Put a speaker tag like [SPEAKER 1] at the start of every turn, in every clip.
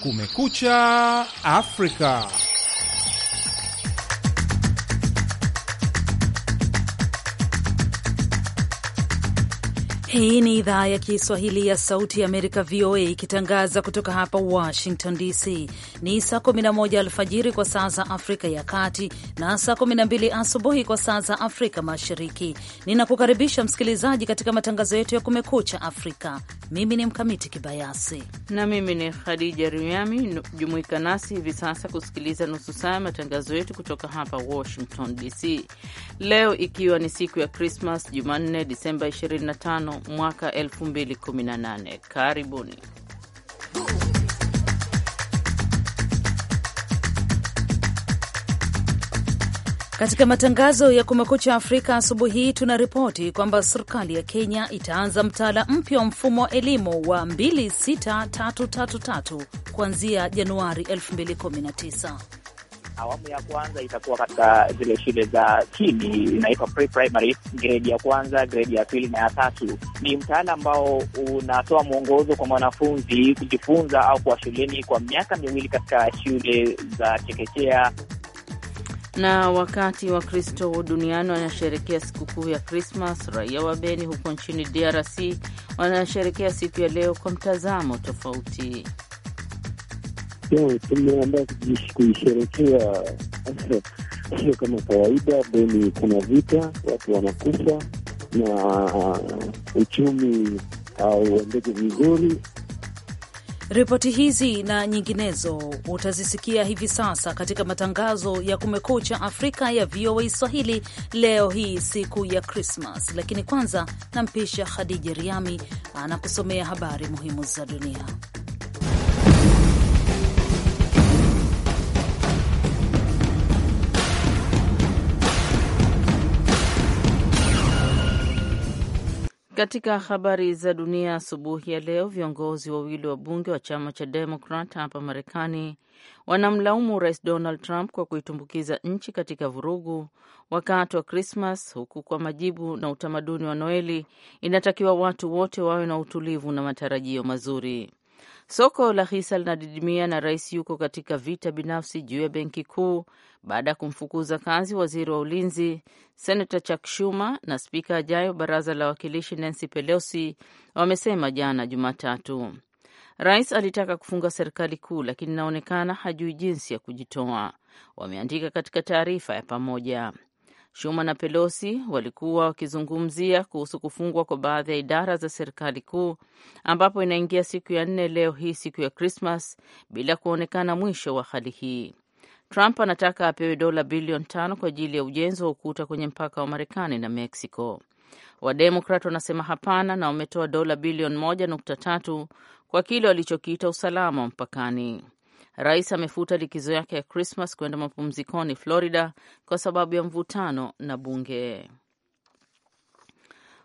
[SPEAKER 1] Kumekucha Afrika.
[SPEAKER 2] Hii ni idhaa ya Kiswahili ya Sauti ya Amerika, VOA, ikitangaza kutoka hapa Washington DC. Ni saa 11 alfajiri kwa saa za Afrika ya Kati na saa 12 asubuhi kwa saa za Afrika Mashariki. Ninakukaribisha msikilizaji katika matangazo yetu ya Kumekucha Afrika. Mimi ni Mkamiti Kibayasi
[SPEAKER 3] na mimi ni Khadija Riami. Jumuika nasi hivi sasa kusikiliza nusu saa ya matangazo yetu kutoka hapa Washington DC, leo ikiwa ni siku ya Krismas, Jumanne Disemba 25 mwaka 2018. Karibuni.
[SPEAKER 2] Katika matangazo ya Kumekucha Afrika asubuhi hii ripoti kwamba serikali ya Kenya itaanza mtaala mpya wa mfumo wa elimu wa 26333 kuanzia Januari 2019
[SPEAKER 4] awamu ya kwanza itakuwa katika zile shule za chini, inaitwa pre-primary, gredi ya kwanza, gredi ya pili na ya tatu. Ni mtaala ambao unatoa mwongozo kwa mwanafunzi kujifunza au kuwa shuleni kwa miaka miwili katika shule za chekechea.
[SPEAKER 3] Na wakati wa Kristo duniani wanasherekea sikukuu ya Krismas, raia wa Beni huko nchini DRC wanasherekea siku ya leo kwa mtazamo tofauti.
[SPEAKER 5] Leo tumeandaa kuisherekea sio kama kawaida. Beni kuna vita, watu wanakufa na
[SPEAKER 2] uchumi
[SPEAKER 5] hauendeke vizuri.
[SPEAKER 2] Ripoti hizi na nyinginezo utazisikia hivi sasa katika matangazo ya Kumekucha Afrika ya VOA Swahili leo hii siku ya Krismas, lakini kwanza nampisha Khadija Riami anakusomea habari muhimu za dunia.
[SPEAKER 3] Katika habari za dunia asubuhi ya leo, viongozi wawili wa bunge wa chama cha Demokrat hapa Marekani wanamlaumu Rais Donald Trump kwa kuitumbukiza nchi katika vurugu wakati wa Krismas, huku kwa majibu na utamaduni wa Noeli inatakiwa watu wote wawe na utulivu na matarajio mazuri. Soko la hisa linadidimia na rais yuko katika vita binafsi juu ya benki kuu baada ya kumfukuza kazi waziri wa ulinzi Senata Chuck Schumer na spika ajayo baraza la wawakilishi Nancy Pelosi wamesema jana Jumatatu. Rais alitaka kufunga serikali kuu, lakini inaonekana hajui jinsi ya kujitoa, wameandika katika taarifa ya pamoja. Schumer na Pelosi walikuwa wakizungumzia kuhusu kufungwa kwa baadhi ya idara za serikali kuu, ambapo inaingia siku ya nne leo hii, siku ya Krismas, bila kuonekana mwisho wa hali hii. Trump anataka apewe dola bilioni tano kwa ajili ya ujenzi wa ukuta kwenye mpaka wa Marekani na Mexico. Wademokrat wanasema hapana, na wametoa dola bilioni moja nukta tatu kwa kile walichokiita usalama wa mpakani. Rais amefuta likizo yake ya Krismas kwenda mapumzikoni Florida kwa sababu ya mvutano na bunge.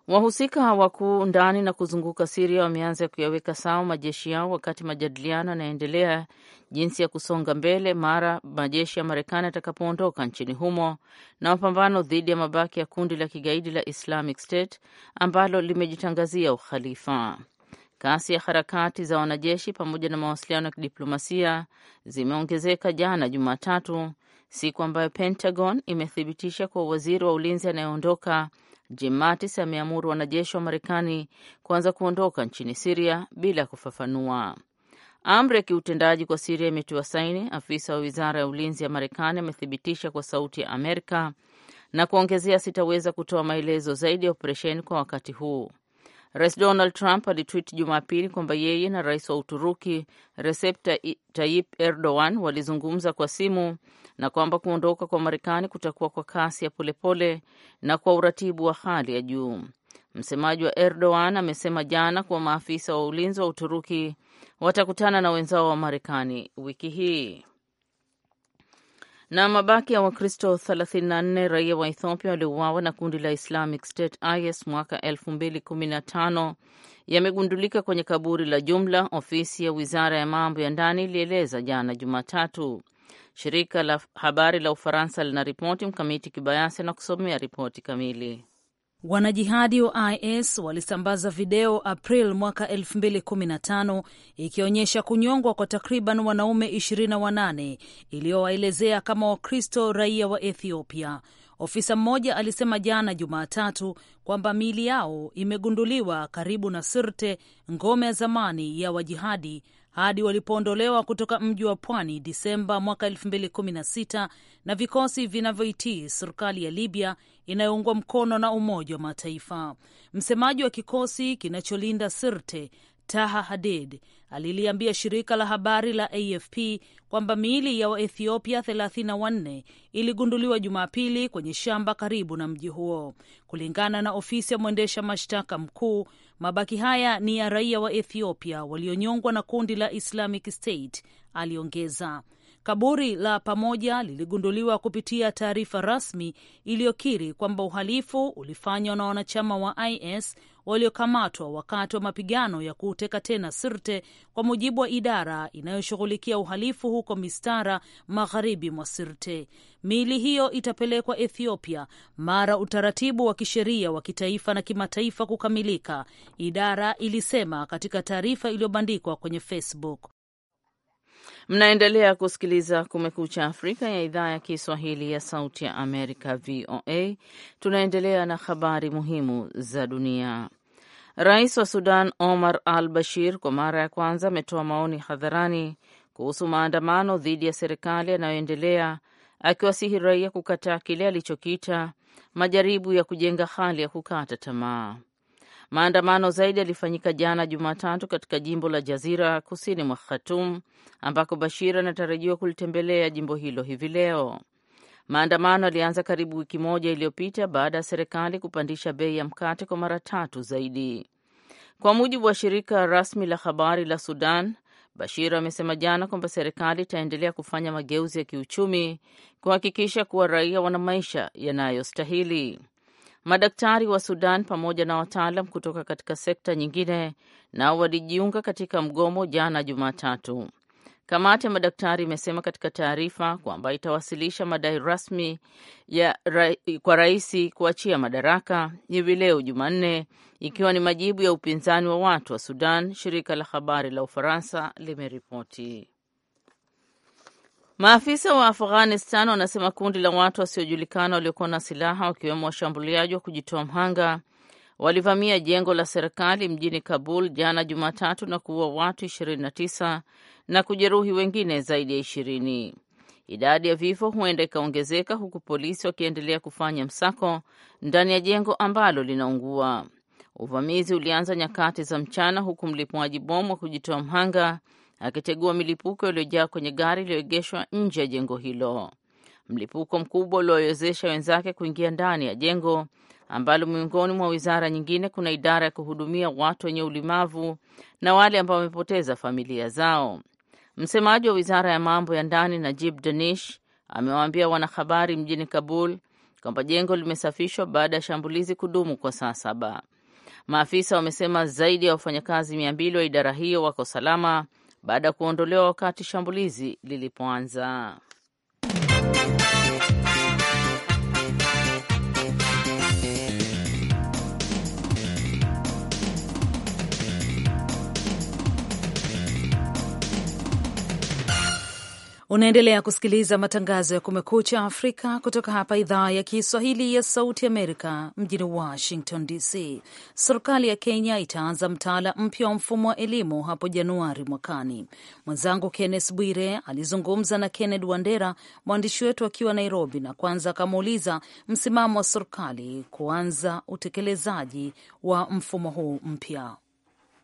[SPEAKER 3] Wahusika wakuu ndani na kuzunguka Siria wameanza kuyaweka sawa majeshi yao, wakati majadiliano yanaendelea jinsi ya kusonga mbele mara majeshi ya Marekani yatakapoondoka nchini humo na mapambano dhidi ya mabaki ya kundi la kigaidi la Islamic State ambalo limejitangazia ukhalifa. Kasi ya harakati za wanajeshi pamoja na mawasiliano ya kidiplomasia zimeongezeka jana Jumatatu, siku ambayo Pentagon imethibitisha kuwa waziri wa ulinzi anayeondoka Jim Mattis ameamuru wanajeshi wa Marekani kuanza kuondoka nchini Siria bila kufafanua. Amri ya kiutendaji kwa Siria imetiwa saini, afisa wa wizara ya ulinzi ya Marekani amethibitisha kwa Sauti ya Amerika na kuongezea, sitaweza kutoa maelezo zaidi ya operesheni kwa wakati huu. Rais Donald Trump alitwit Jumapili kwamba yeye na rais wa Uturuki Recep Tayyip Erdogan walizungumza kwa simu na kwamba kuondoka kwa Marekani kutakuwa kwa kasi ya polepole na kwa uratibu wa hali ya juu. Msemaji wa Erdogan amesema jana kuwa maafisa wa ulinzi wa Uturuki watakutana na wenzao wa Marekani wiki hii. Na mabaki ya Wakristo 34 raia wa Ethiopia waliouawa na kundi la Islamic State IS mwaka 2015 yamegundulika kwenye kaburi la jumla, ofisi ya wizara ya mambo ya ndani ilieleza jana Jumatatu. Shirika la habari la Ufaransa linaripoti. Mkamiti Kibayasi na kusomea ripoti kamili.
[SPEAKER 2] Wanajihadi wa IS walisambaza video April mwaka 2015 ikionyesha kunyongwa kwa takriban wanaume 28 iliyowaelezea kama Wakristo raia wa Ethiopia. Ofisa mmoja alisema jana Jumatatu kwamba miili yao imegunduliwa karibu na Sirte, ngome ya zamani ya wajihadi hadi walipoondolewa kutoka mji wa pwani Disemba mwaka 2016 na vikosi vinavyoitii serikali ya Libya inayoungwa mkono na Umoja wa Mataifa. Msemaji wa kikosi kinacholinda Sirte Taha Hadid aliliambia shirika la habari la AFP kwamba miili ya Waethiopia 34 iligunduliwa Jumapili kwenye shamba karibu na mji huo. Kulingana na ofisi ya mwendesha mashtaka mkuu, mabaki haya ni ya raia wa Ethiopia walionyongwa na kundi la Islamic State, aliongeza. Kaburi la pamoja liligunduliwa kupitia taarifa rasmi iliyokiri kwamba uhalifu ulifanywa na wanachama wa IS waliokamatwa wakati wa mapigano ya kuuteka tena Sirte, kwa mujibu wa idara inayoshughulikia uhalifu huko Mistara, magharibi mwa Sirte. Miili hiyo itapelekwa Ethiopia mara utaratibu wa kisheria wa kitaifa na kimataifa kukamilika, idara ilisema katika taarifa iliyobandikwa kwenye Facebook.
[SPEAKER 3] Mnaendelea kusikiliza Kumekucha Afrika ya idhaa ya Kiswahili ya Sauti ya Amerika, VOA. Tunaendelea na habari muhimu za dunia. Rais wa Sudan Omar al Bashir kwa mara ya kwanza ametoa maoni hadharani kuhusu maandamano dhidi ya serikali yanayoendelea, akiwasihi raia kukataa kile alichokiita majaribu ya kujenga hali ya kukata tamaa. Maandamano zaidi yalifanyika jana Jumatatu katika jimbo la Jazira kusini mwa khatum ambako Bashir anatarajiwa kulitembelea jimbo hilo hivi leo. Maandamano yalianza karibu wiki moja iliyopita baada ya serikali kupandisha bei ya mkate kwa mara tatu zaidi, kwa mujibu wa shirika rasmi la habari la Sudan. Bashir amesema jana kwamba serikali itaendelea kufanya mageuzi ya kiuchumi kuhakikisha kuwa raia wana maisha yanayostahili. Madaktari wa Sudan pamoja na wataalam kutoka katika sekta nyingine nao walijiunga katika mgomo jana Jumatatu. Kamati ya madaktari imesema katika taarifa kwamba itawasilisha madai rasmi ya ra kwa rais kuachia madaraka hivi leo Jumanne, ikiwa ni majibu ya upinzani wa watu wa Sudan, shirika la habari la Ufaransa limeripoti. Maafisa wa Afghanistan wanasema kundi la watu wasiojulikana waliokuwa na silaha wakiwemo washambuliaji wa kujitoa mhanga walivamia jengo la serikali mjini Kabul jana Jumatatu na kuua watu 29 na kujeruhi wengine zaidi ya ishirini. Idadi ya vifo huenda ikaongezeka huku polisi wakiendelea kufanya msako ndani ya jengo ambalo linaungua. Uvamizi ulianza nyakati za mchana huku mlipuaji bomu wa kujitoa mhanga akitegua milipuko iliyojaa kwenye gari iliyoegeshwa nje ya jengo hilo. Mlipuko mkubwa uliowezesha wenzake kuingia ndani ya jengo ambalo miongoni mwa wizara nyingine kuna idara ya kuhudumia watu wenye ulemavu na wale ambao wamepoteza familia zao. Msemaji wa wizara ya mambo ya ndani Najib Danish amewaambia wanahabari mjini Kabul kwamba jengo limesafishwa baada ya shambulizi kudumu kwa saa saba. Maafisa wamesema zaidi ya wafanyakazi mia mbili wa idara hiyo wako salama baada ya kuondolewa wakati shambulizi lilipoanza.
[SPEAKER 2] Unaendelea kusikiliza matangazo ya Kumekucha Afrika kutoka hapa idhaa ya Kiswahili ya Sauti Amerika mjini Washington DC. Serikali ya Kenya itaanza mtaala mpya wa mfumo wa elimu hapo Januari mwakani. Mwenzangu Kenneth Bwire alizungumza na Kenneth Wandera, mwandishi wetu akiwa Nairobi, na kwanza akamuuliza msimamo wa serikali kuanza utekelezaji wa mfumo huu mpya.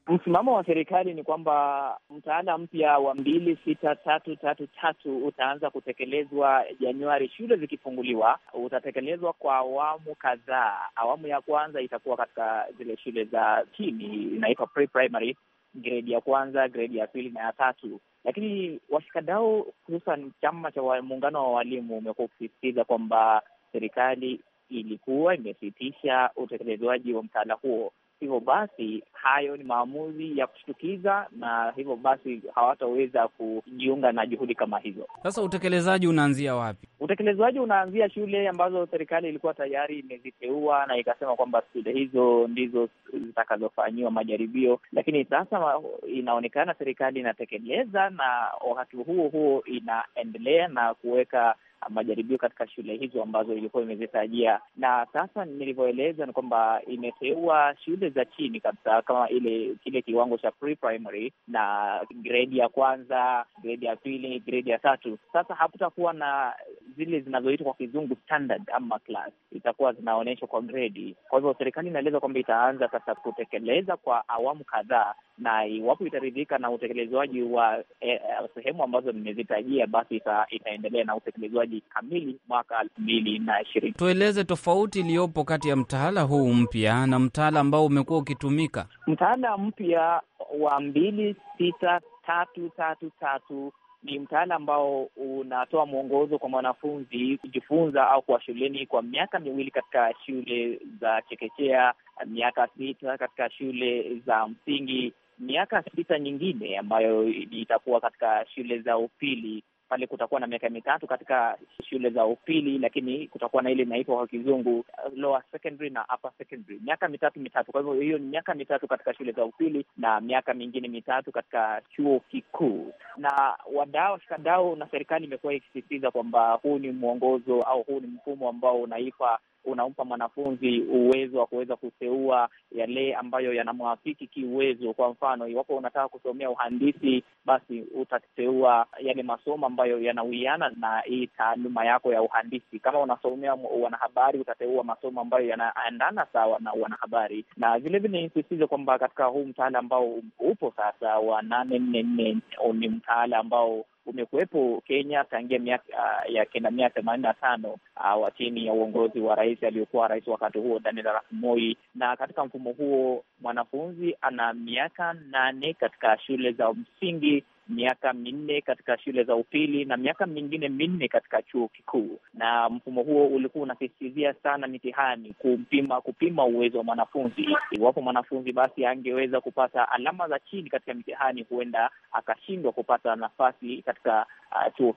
[SPEAKER 4] Msimamo wa serikali ni kwamba mtaala mpya wa mbili sita tatu tatu tatu utaanza kutekelezwa Januari, shule zikifunguliwa. Utatekelezwa kwa awamu kadhaa. Awamu ya kwanza itakuwa katika zile shule za chini, inaitwa pre-primary, gredi ya kwanza, gredi ya pili na ya tatu. Lakini washikadau, hususan chama cha muungano wa walimu, umekuwa ukisisitiza kwamba serikali ilikuwa imesitisha utekelezwaji wa mtaala huo Hivyo basi hayo ni maamuzi ya kushtukiza, na hivyo basi hawataweza kujiunga na juhudi kama hizo.
[SPEAKER 6] Sasa utekelezaji unaanzia wapi?
[SPEAKER 4] Utekelezaji unaanzia shule ambazo serikali ilikuwa tayari imeziteua na ikasema kwamba shule hizo ndizo zitakazofanyiwa majaribio, lakini sasa inaonekana serikali inatekeleza na wakati huo huo inaendelea na kuweka majaribio katika shule hizo ambazo ilikuwa imezitajia, na sasa nilivyoeleza ni kwamba imeteua shule za chini kabisa kama ile kile kiwango cha pre-primary na gredi ya kwanza, gredi ya pili, gredi ya tatu. Sasa hakutakuwa na zile zinazoitwa kwa kizungu standard ama class, itakuwa zinaonyeshwa kwa gredi. Kwa hivyo serikali inaeleza kwamba itaanza sasa kutekeleza kwa awamu kadhaa, na iwapo itaridhika na utekelezwaji wa eh, eh sehemu ambazo nimezitajia, basi ita, itaendelea na utekelezwaji miradi kamili mwaka elfu mbili na ishirini.
[SPEAKER 6] Tueleze tofauti iliyopo kati ya mtaala huu mpya na mtaala ambao umekuwa ukitumika.
[SPEAKER 4] Mtaala mpya wa mbili sita tatu tatu tatu ni mtaala ambao unatoa mwongozo kwa mwanafunzi kujifunza au kuwa shuleni kwa miaka miwili katika shule za chekechea, miaka sita katika shule za msingi, miaka sita nyingine ambayo itakuwa katika shule za upili pale kutakuwa na miaka mitatu katika shule za upili, lakini kutakuwa na ile inaitwa kwa kizungu uh, lower secondary na upper secondary, miaka mitatu mitatu. Kwa hivyo hiyo ni miaka mitatu katika shule za upili na miaka mingine mitatu katika chuo kikuu. Na wadau, shikadau na serikali imekuwa ikisisitiza kwamba huu ni mwongozo au huu ni mfumo ambao unaipa unampa mwanafunzi uwezo wa kuweza kuteua yale ambayo yanamwafiki kiuwezo. Kwa mfano, iwapo unataka kusomea uhandisi, basi utateua yale masomo ambayo yanawiana na hii taaluma yako ya uhandisi. Kama unasomea wanahabari, utateua masomo ambayo yanaendana sawa na wanahabari, na vilevile nisisitize kwamba katika huu mtaala ambao upo sasa wa nane nne nne ni mtaala ambao umekuwepo Kenya tangia miaka uh, ya kenda mia themanini na tano uh, chini ya uongozi wa rais aliyokuwa rais wakati huo Daniel Arap Moi, na katika mfumo huo mwanafunzi ana miaka nane katika shule za msingi miaka minne katika shule za upili na miaka mingine minne katika chuo kikuu. Na mfumo huo ulikuwa unasisitizia sana mitihani, kupima kupima uwezo wa mwanafunzi. Iwapo mwanafunzi basi angeweza kupata alama za chini katika mitihani, huenda akashindwa kupata nafasi katika uh, chuo.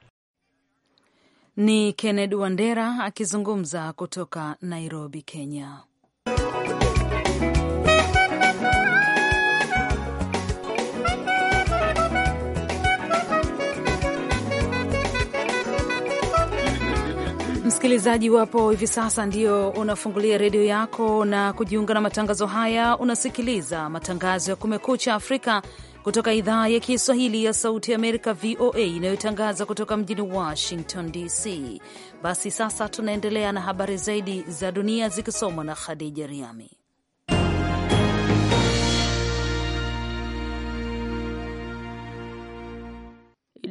[SPEAKER 2] Ni Kennedy Wandera akizungumza kutoka Nairobi, Kenya. Msikilizaji wapo hivi sasa ndio unafungulia redio yako na kujiunga na matangazo haya, unasikiliza matangazo ya Kumekucha Afrika kutoka idhaa ya Kiswahili ya Sauti ya Amerika, VOA, inayotangaza kutoka mjini Washington DC. Basi sasa tunaendelea na habari zaidi za dunia zikisomwa na Khadija Riami.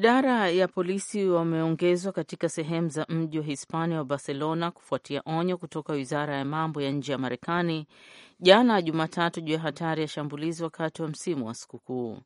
[SPEAKER 2] Idara
[SPEAKER 3] ya polisi wameongezwa katika sehemu za mji wa Hispania wa Barcelona kufuatia onyo kutoka wizara ya mambo ya nje ya Marekani jana Jumatatu juu ya hatari ya shambulizi wakati wa msimu wa sikukuu.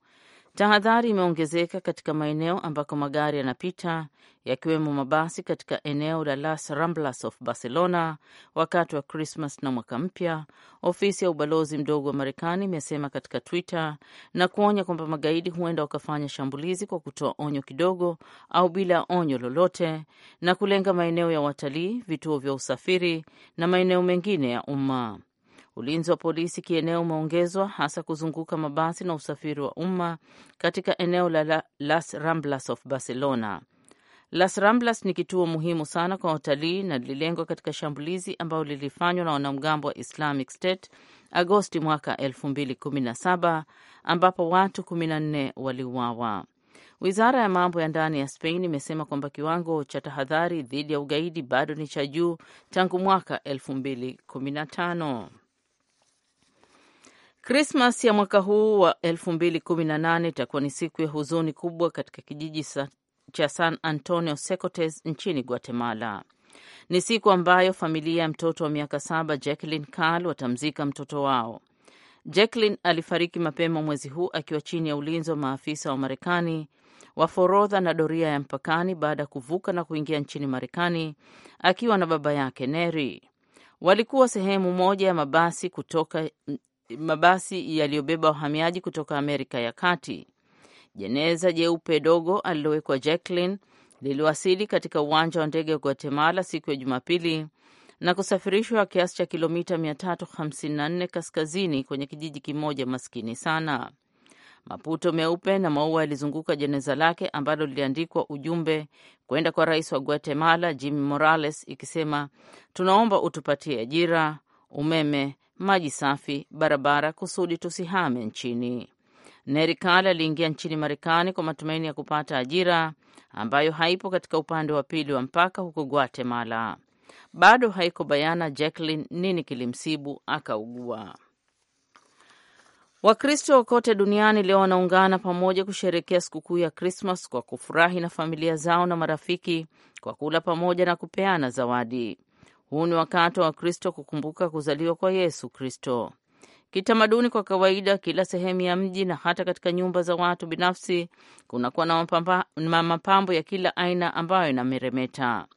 [SPEAKER 3] Tahadhari imeongezeka katika maeneo ambako magari yanapita yakiwemo mabasi katika eneo la Las Ramblas of Barcelona wakati wa Krismas na mwaka mpya, ofisi ya ubalozi mdogo wa Marekani imesema katika Twitter na kuonya kwamba magaidi huenda wakafanya shambulizi kwa kutoa onyo kidogo au bila onyo lolote na kulenga maeneo ya watalii, vituo vya usafiri na maeneo mengine ya umma. Ulinzi wa polisi kieneo umeongezwa hasa kuzunguka mabasi na usafiri wa umma katika eneo la Las Ramblas of Barcelona. Las Ramblas ni kituo muhimu sana kwa watalii na lililengwa katika shambulizi ambalo lilifanywa na wanamgambo wa Islamic State Agosti mwaka 2017 ambapo watu 14 waliuawa. Wizara ya mambo ya ndani ya Spain imesema kwamba kiwango cha tahadhari dhidi ya ugaidi bado ni cha juu tangu mwaka 2015. Krismas ya mwaka huu wa 2018 itakuwa ni siku ya huzuni kubwa katika kijiji sa, cha San Antonio Secotes nchini Guatemala. Ni siku ambayo familia ya mtoto wa miaka saba Jacqueline Carl watamzika mtoto wao. Jacqueline alifariki mapema mwezi huu akiwa chini ya ulinzi wa maafisa wa Marekani wa forodha na doria ya mpakani baada ya kuvuka na kuingia nchini Marekani akiwa na baba yake Neri. Walikuwa sehemu moja ya mabasi kutoka mabasi yaliyobeba wahamiaji kutoka Amerika ya Kati. Jeneza jeupe dogo alilowekwa Jacqueline liliwasili katika uwanja wa ndege wa Guatemala siku ya Jumapili na kusafirishwa kiasi cha kilomita 354 kaskazini kwenye kijiji kimoja maskini sana. Maputo meupe na maua yalizunguka jeneza lake ambalo liliandikwa ujumbe kwenda kwa rais wa Guatemala Jimmy Morales, ikisema tunaomba utupatie ajira, umeme maji safi, barabara, kusudi tusihame nchini. neri kal aliingia nchini Marekani kwa matumaini ya kupata ajira ambayo haipo katika upande wa pili wa mpaka huko Guatemala. Bado haiko bayana Jacqueline nini kilimsibu akaugua. Wakristo kote duniani leo wanaungana pamoja kusherekea sikukuu ya Krismas kwa kufurahi na familia zao na marafiki, kwa kula pamoja na kupeana zawadi. Huu ni wakati wa Wakristo kukumbuka kuzaliwa kwa Yesu Kristo. Kitamaduni, kwa kawaida, kila sehemu ya mji na hata katika nyumba za watu binafsi kunakuwa na mapambo ya kila aina ambayo inameremeta.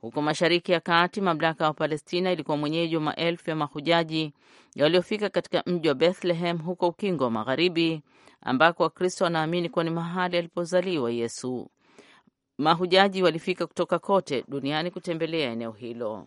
[SPEAKER 3] Huko Mashariki ya Kati, mamlaka ya Palestina ilikuwa mwenyeji wa maelfu ya mahujaji waliofika katika mji wa Bethlehem huko Ukingo wa Magharibi, ambako Wakristo wanaamini kuwa ni mahali alipozaliwa Yesu. Mahujaji walifika kutoka kote duniani kutembelea eneo hilo.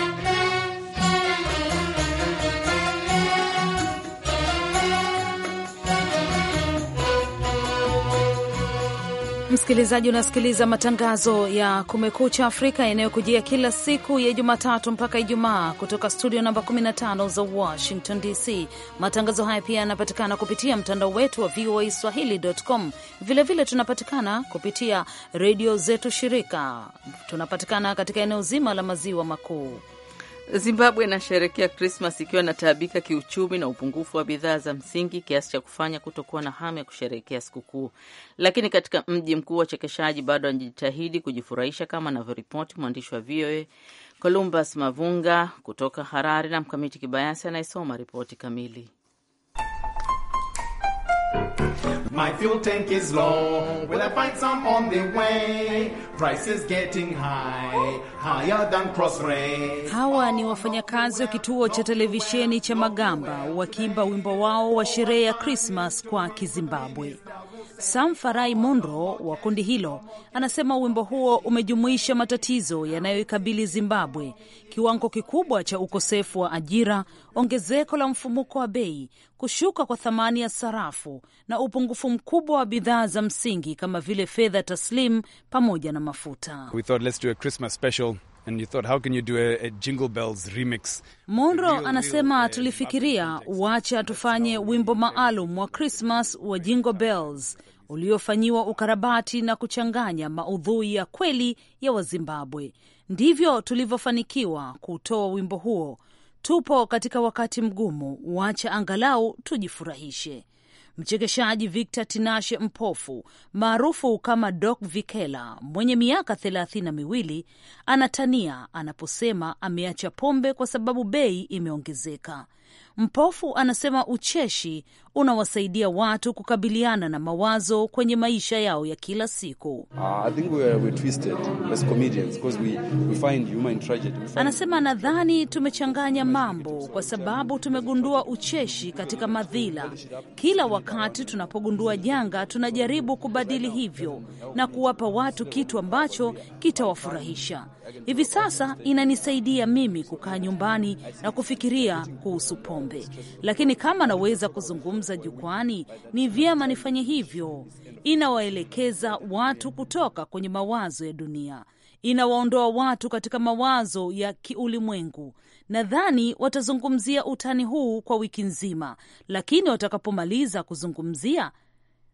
[SPEAKER 2] Msikilizaji, unasikiliza matangazo ya Kumekucha Afrika yanayokujia kila siku ya Jumatatu mpaka Ijumaa kutoka studio namba 15 za Washington DC. Matangazo haya pia yanapatikana kupitia mtandao wetu wa VOA Swahili.com. Vilevile tunapatikana kupitia redio zetu shirika, tunapatikana katika eneo zima la maziwa makuu. Zimbabwe inasherekea Krismas ikiwa inataabika kiuchumi
[SPEAKER 3] na upungufu wa bidhaa za msingi kiasi cha kufanya kutokuwa na hamu ya kusherehekea sikukuu, lakini katika mji mkuu wachekeshaji bado wanajitahidi kujifurahisha, kama anavyoripoti mwandishi wa VOA Columbus Mavunga kutoka Harare na Mkamiti Kibayasi anayesoma ripoti kamili.
[SPEAKER 4] My fuel tank is low. Will I find some on the way? is getting high, higher than rate.
[SPEAKER 2] Hawa ni wafanyakazi wa kituo cha televisheni cha Magamba wakiimba wimbo wao wa sherehe ya Krismas kwa Kizimbabwe. Sam Farai Munro wa kundi hilo anasema wimbo huo umejumuisha matatizo yanayoikabili Zimbabwe, kiwango kikubwa cha ukosefu wa ajira, ongezeko la mfumuko wa bei, kushuka kwa thamani ya sarafu na upungufu mkubwa wa bidhaa za msingi kama vile fedha taslim pamoja na mafuta. Monro anasema uh, tulifikiria, wacha tufanye wimbo maalum wa crismas wa Jingle Bells uliofanyiwa ukarabati na kuchanganya maudhui ya kweli ya Wazimbabwe. Ndivyo tulivyofanikiwa kutoa wimbo huo. Tupo katika wakati mgumu, wacha angalau tujifurahishe. Mchekeshaji Victor Tinashe Mpofu maarufu kama Doc Vikela mwenye miaka thelathini na miwili anatania anaposema ameacha pombe kwa sababu bei imeongezeka. Mpofu anasema ucheshi unawasaidia watu kukabiliana na mawazo kwenye maisha yao ya kila siku. Uh, Anasema, nadhani tumechanganya mambo kwa sababu tumegundua ucheshi katika madhila. Kila wakati tunapogundua janga, tunajaribu kubadili hivyo na kuwapa watu kitu ambacho kitawafurahisha. Hivi sasa inanisaidia mimi kukaa nyumbani na kufikiria kuhusu pombe, lakini kama naweza kuzungumza kuzungumza jukwani, ni vyema nifanye hivyo. Inawaelekeza watu kutoka kwenye mawazo ya dunia, inawaondoa watu katika mawazo ya kiulimwengu. Nadhani watazungumzia utani huu kwa wiki nzima, lakini watakapomaliza kuzungumzia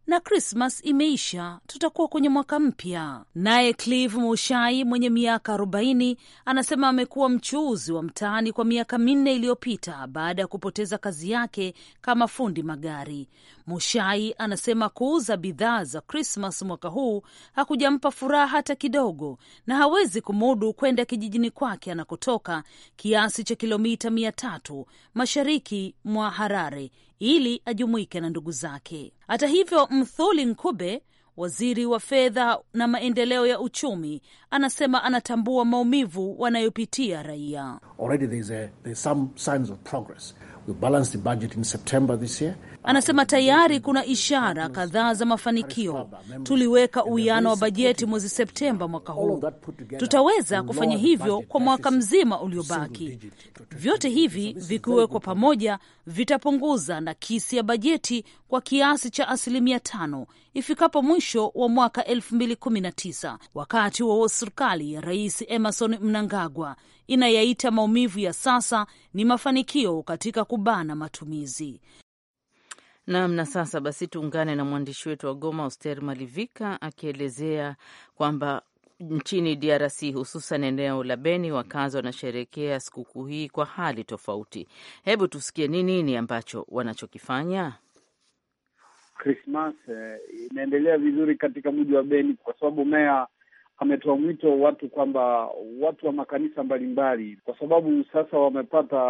[SPEAKER 2] na Krismas imeisha, tutakuwa kwenye mwaka mpya. Naye Clive Mushai mwenye miaka 40 anasema amekuwa mchuuzi wa mtaani kwa miaka minne iliyopita baada ya kupoteza kazi yake kama fundi magari. Mushai anasema kuuza bidhaa za Krismas mwaka huu hakujampa furaha hata kidogo, na hawezi kumudu kwenda kijijini kwake anakotoka, kiasi cha kilomita mia tatu mashariki mwa Harare ili ajumuike na ndugu zake. Hata hivyo, Mthuli Nkube, waziri wa fedha na maendeleo ya uchumi, anasema anatambua maumivu wanayopitia raia.
[SPEAKER 1] Already there's a, there's some signs of progress. We balanced the budget in September this year
[SPEAKER 2] anasema tayari kuna ishara kadhaa za mafanikio. Tuliweka uwiano wa bajeti mwezi Septemba mwaka huu, tutaweza kufanya hivyo kwa mwaka mzima uliobaki. Vyote hivi vikiwekwa pamoja, vitapunguza nakisi ya bajeti kwa kiasi cha asilimia tano ifikapo mwisho wa mwaka 2019 wakati wa serikali ya Rais Emerson Mnangagwa inayaita maumivu ya sasa ni mafanikio katika kubana matumizi.
[SPEAKER 3] Nam. Na sasa basi tuungane na mwandishi wetu wa Goma, Oster Malivika, akielezea kwamba nchini DRC hususan eneo la Beni wakazi wanasherehekea sikukuu hii kwa hali tofauti. Hebu tusikie ni nini ambacho wanachokifanya.
[SPEAKER 1] Krismas eh, inaendelea vizuri katika mji wa Beni kwa sababu meya ametoa mwito watu kwamba watu wa makanisa mbalimbali, kwa sababu sasa wamepata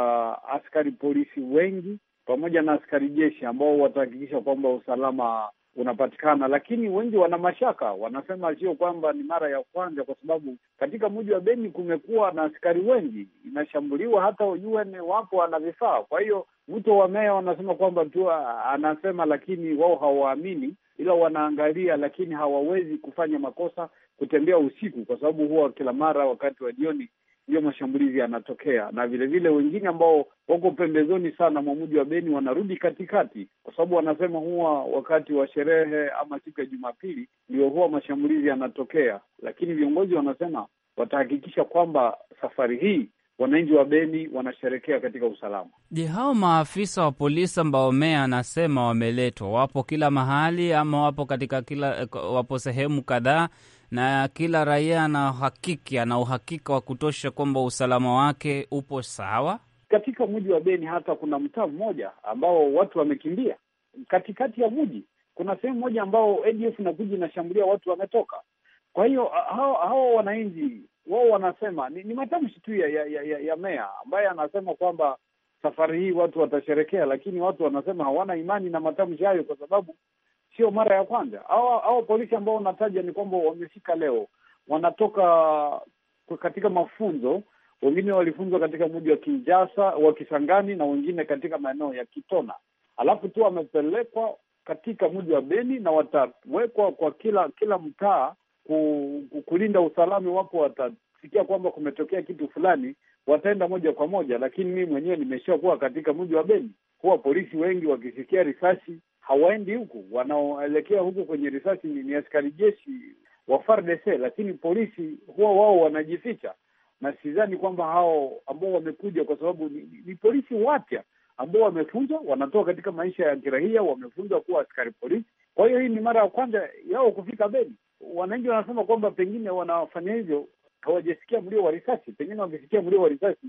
[SPEAKER 1] askari polisi wengi pamoja na askari jeshi ambao watahakikisha kwamba usalama unapatikana, lakini wengi wana mashaka, wanasema sio kwamba ni mara ya kwanza, kwa sababu katika mji wa Beni kumekuwa na askari wengi, inashambuliwa hata UN wapo ana vifaa. Kwa hiyo mto wa meya wanasema kwamba tu anasema, lakini wao hawaamini, ila wanaangalia, lakini hawawezi kufanya makosa kutembea usiku, kwa sababu huwa kila mara wakati wa jioni ndiyo mashambulizi yanatokea, na vilevile wengine ambao wako pembezoni sana mwa mji wa Beni wanarudi katikati, kwa sababu wanasema huwa wakati wa sherehe ama siku ya Jumapili ndio huwa mashambulizi yanatokea, lakini viongozi wanasema watahakikisha kwamba safari hii wananchi wa Beni wanasherekea katika usalama.
[SPEAKER 6] Je, hao maafisa wa polisi ambao meya anasema wameletwa, wapo kila mahali ama wapo katika kila, eh, wapo sehemu kadhaa na kila raia ana uhakiki, ana uhakika wa kutosha kwamba usalama wake upo sawa.
[SPEAKER 1] Katika mji wa Beni hata kuna mtaa mmoja ambao watu wamekimbia katikati ya mji. Kuna sehemu moja ambao ADF inakuja inashambulia, watu wametoka. Kwa hiyo hawa wananchi wao wanasema ni, ni matamshi tu ya, ya, ya, ya meya ambaye anasema kwamba safari hii watu watasherekea, lakini watu wanasema hawana imani na matamshi hayo kwa sababu sio mara ya kwanza. Hao polisi ambao wanataja ni kwamba wamefika leo, wanatoka katika mafunzo, wengine walifunzwa katika mji wa Kinjasa wa Kisangani na wengine katika maeneo ya Kitona, alafu tu wamepelekwa katika mji wa Beni na watawekwa kwa kila kila mtaa kulinda usalama. Wapo watasikia kwamba kumetokea kitu fulani, wataenda moja kwa moja, lakini mimi mwenyewe nimeshakuwa katika mji wa Beni, huwa polisi wengi wakisikia risasi hawaendi huku, wanaoelekea huku kwenye risasi ni askari jeshi wa FARDC, lakini polisi huwa wao wanajificha, na sidhani kwamba hao ambao wamekuja kwa sababu ni, ni, ni polisi wapya ambao wamefunzwa, wanatoka katika maisha ya kirahia, wamefunzwa kuwa askari polisi. Kwa hiyo hii ni mara ya kwanza yao kufika Beni. Wananchi wanasema kwamba pengine wanafanya hivyo, hawajasikia mlio wa risasi. Pengine wakisikia mlio wa risasi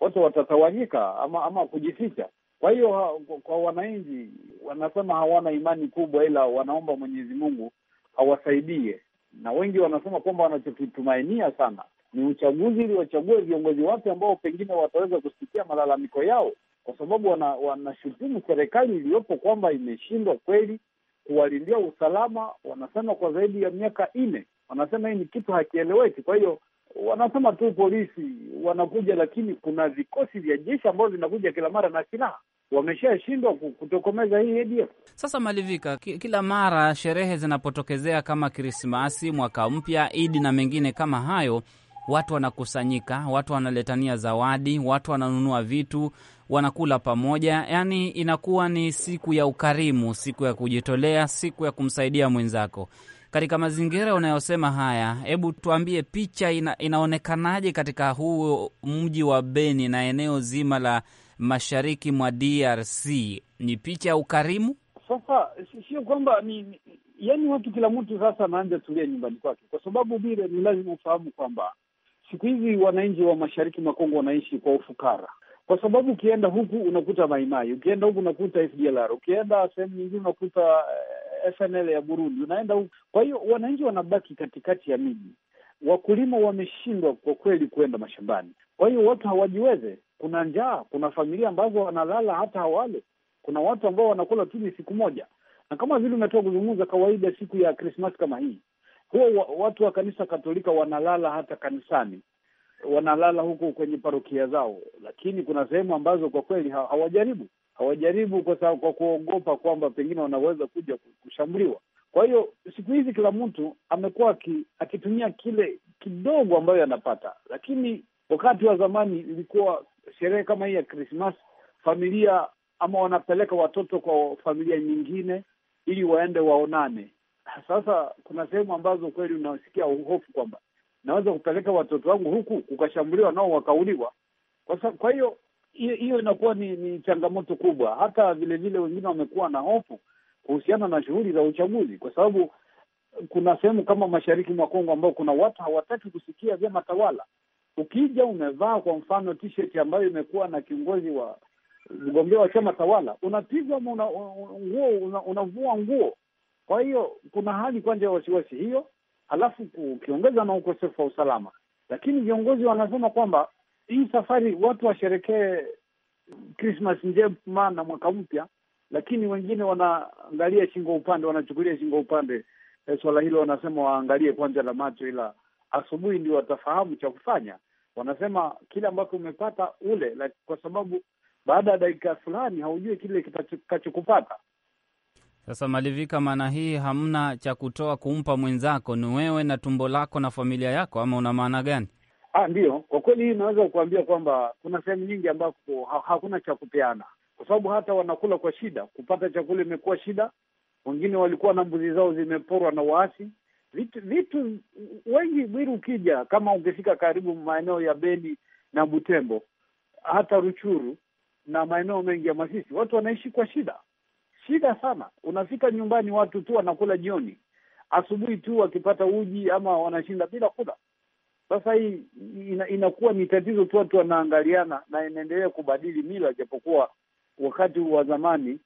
[SPEAKER 1] watu watatawanyika ama ama kujificha. Kwa hiyo kwa wananchi wanasema hawana imani kubwa, ila wanaomba Mwenyezi Mungu awasaidie, na wengi wanasema kwamba wanachokitumainia sana ni uchaguzi ili wachague viongozi wapya ambao pengine wataweza kusikia malalamiko yao, kwa sababu wanashutumu wana serikali iliyopo kwamba imeshindwa kweli kuwalindia usalama, wanasema kwa zaidi ya miaka nne. Wanasema hii ni kitu hakieleweki. Kwa hiyo wanasema tu polisi wanakuja, lakini kuna vikosi vya jeshi ambavyo vinakuja kila mara na silaha. Wameshashindwa kutokomeza hii ADF.
[SPEAKER 6] Sasa malivika, kila mara sherehe zinapotokezea kama Krismasi, mwaka mpya, Idi na mengine kama hayo, watu wanakusanyika, watu wanaletania zawadi, watu wananunua vitu, wanakula pamoja, yaani inakuwa ni siku ya ukarimu, siku ya kujitolea, siku ya kumsaidia mwenzako. Katika mazingira unayosema haya, hebu tuambie picha ina, inaonekanaje katika huu mji wa Beni na eneo zima la mashariki mwa DRC? Ni picha ya ukarimu?
[SPEAKER 1] Sasa sio kwamba ni yaani watu kila mtu sasa anaanza tulia nyumbani kwake, kwa sababu vile ni lazima ufahamu kwamba siku hizi wananchi wa mashariki mwa Kongo wanaishi kwa ufukara, kwa sababu ukienda huku unakuta maimai, ukienda huku unakuta FDLR, ukienda sehemu nyingine unakuta eh, FNL ya Burundi, unaenda huko. Kwa hiyo wananchi wanabaki katikati ya miji, wakulima wameshindwa kwa kweli kuenda mashambani. Kwa hiyo watu hawajiweze, kuna njaa, kuna familia ambazo wanalala hata hawale, kuna watu ambao wanakula tu siku moja, na kama vile umetoka kuzungumza, kawaida siku ya krismas kama hii huwa watu wa kanisa Katolika wanalala hata kanisani wanalala huko kwenye parokia zao, lakini kuna sehemu ambazo kwa kweli hawajaribu hawajaribu kwa sababu kwa kuogopa kwamba pengine wanaweza kuja kushambuliwa. Kwa hiyo siku hizi kila mtu amekuwa akitumia kile kidogo ambayo anapata, lakini wakati wa zamani ilikuwa sherehe kama hii ya krismas familia ama wanapeleka watoto kwa familia nyingine ili waende waonane. Sasa kuna sehemu ambazo kweli unasikia hofu kwamba naweza kupeleka watoto wangu huku kukashambuliwa nao wakauliwa. Kwa hiyo hiyo inakuwa ni, ni changamoto kubwa. Hata vilevile wengine wamekuwa na hofu kuhusiana na shughuli za uchaguzi, kwa sababu kuna sehemu kama mashariki mwa Kongo ambao kuna watu hawataki kusikia vyama tawala. Ukija umevaa kwa mfano t-shirt ambayo imekuwa na kiongozi wa mgombea wa chama tawala, unapigwa ama nguo una, una nguo. Kwa hiyo kuna hali kwanja ya wasiwasi hiyo, halafu ukiongeza na ukosefu wa usalama, lakini viongozi wanasema kwamba hii safari watu washerekee Krismas njema na mwaka mpya, lakini wengine wanaangalia shingo upande, wanachukulia shingo upande eh, swala hilo. Wanasema waangalie kwanza la macho, ila asubuhi ndio watafahamu cha kufanya. Wanasema kile ambacho umepata ule like, kwa sababu baada ya dakika fulani haujui kile kitakachokupata.
[SPEAKER 6] Sasa Malivika, maana hii hamna cha kutoa kumpa mwenzako, ni wewe na tumbo lako na familia yako, ama una maana gani?
[SPEAKER 1] Ah, ndio, kwa kweli hii inaweza kuambia kwamba kuna sehemu nyingi ambapo ha hakuna cha kupeana, kwa sababu hata wanakula kwa shida. Kupata chakula imekuwa shida, wengine walikuwa na mbuzi zao zimeporwa na waasi. Vitu, vitu wengi bwiri, ukija kama ungefika karibu maeneo ya Beni na Butembo, hata Ruchuru na maeneo mengi ya Masisi, watu wanaishi kwa shida, shida sana. Unafika nyumbani, watu tu wanakula jioni, asubuhi tu wakipata uji ama wanashinda bila kula. Sasa hii ina, inakuwa ni tatizo tu, watu wanaangaliana na inaendelea kubadili mila, japokuwa wakati wa zamani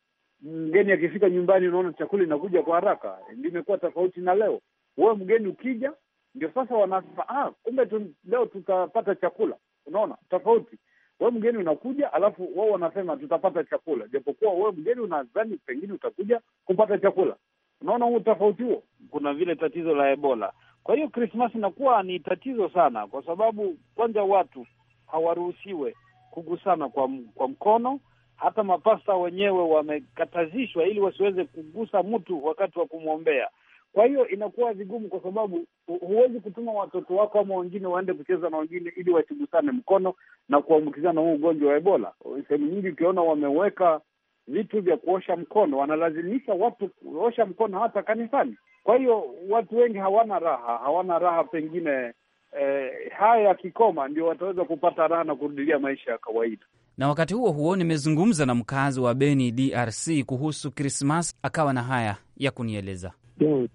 [SPEAKER 1] mgeni akifika nyumbani, unaona chakula inakuja kwa haraka. Limekuwa tofauti na leo, wewe mgeni ukija, ndio sasa wanasema ah, kumbe tu, leo tutapata chakula. Unaona tofauti, wewe mgeni unakuja, alafu wao wanasema tutapata chakula, japokuwa wewe mgeni unadhani pengine utakuja kupata chakula. Unaona huu tofauti huo. Kuna vile tatizo la Ebola kwa hiyo Krismasi inakuwa ni tatizo sana, kwa sababu kwanza watu hawaruhusiwe kugusana kwa, kwa mkono. Hata mapasta wenyewe wamekatazishwa ili wasiweze kugusa mtu wakati wa kumwombea. Kwa hiyo inakuwa vigumu, kwa sababu huwezi kutuma watoto wako ama wengine waende kucheza na wengine ili wasigusane mkono na kuambukizana huu ugonjwa wa Ebola. Sehemu nyingi ukiona wameweka vitu vya kuosha mkono, wanalazimisha watu kuosha mkono hata kanisani. Kwa hiyo watu wengi hawana raha, hawana raha pengine Eh, haya yakikoma ndio wataweza kupata raha na kurudilia maisha ya kawaida.
[SPEAKER 6] Na wakati huo huo, nimezungumza na mkazi wa Beni, DRC, kuhusu Krismas, akawa na haya ya kunieleza.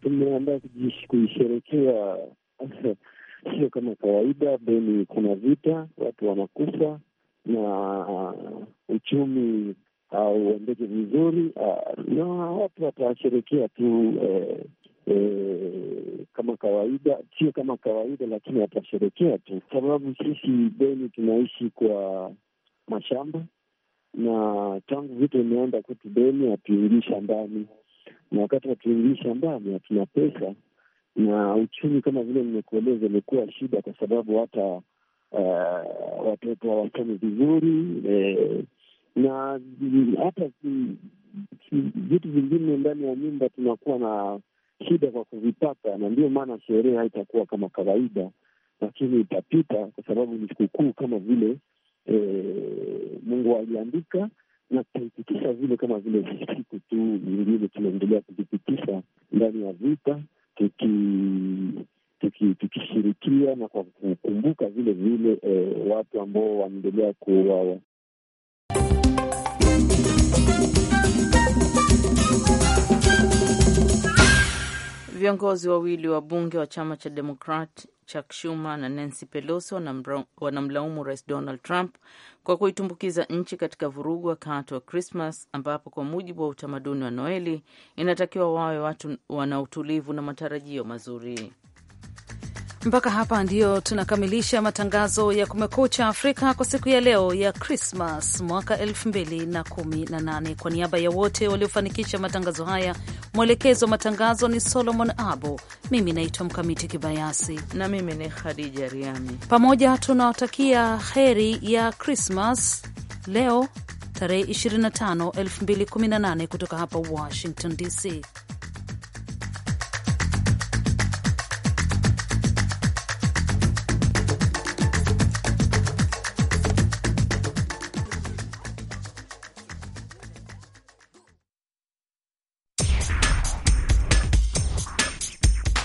[SPEAKER 5] tumeandaa kuisherekea sio kama kawaida. Beni kuna vita, watu wanakufa na uh, uchumi hauendeke uh, vizuri uh, na watu watasherekea tu uh, e, kama kawaida, sio kama kawaida, lakini watasherekea tu, sababu sisi Beni tunaishi kwa mashamba na tangu vitu imeenda kwetu Beni hatuingii shambani, na wakati hatuingii shambani hatuna pesa, na uchumi kama vile nimekueleza imekuwa shida, kwa sababu hata uh, watoto hawasomi vizuri eh, na hata vitu vingine ndani ya nyumba tunakuwa na shida kwa kuvipata, na ndiyo maana sherehe haitakuwa kama kawaida, lakini itapita kwa sababu ni sikukuu kama vile e, Mungu aliandika na tutaipitisha vile kama vile siku tu nyingine tunaendelea kuzipitisha ndani ya vita tukishirikia tuki, tuki na kwa kukumbuka vile vile e, watu ambao wanaendelea kuuawa.
[SPEAKER 3] Viongozi wawili wa bunge wa chama cha Demokrat Chuck Schumer na Nancy Pelosi wanamlaumu Rais Donald Trump kwa kuitumbukiza nchi katika vurugu wakati wa Krismas ambapo kwa mujibu wa utamaduni wa Noeli inatakiwa wawe watu wana utulivu na matarajio mazuri.
[SPEAKER 2] Mpaka hapa ndio tunakamilisha matangazo ya Kumekucha Afrika kwa siku ya leo ya Krismas mwaka 2018. Kwa niaba ya wote waliofanikisha matangazo haya, mwelekezo wa matangazo ni Solomon Abo, mimi naitwa Mkamiti Kibayasi na mimi ni Khadija Riami. Pamoja tunawatakia heri ya Krismas leo tarehe 25, 2018 kutoka hapa Washington DC.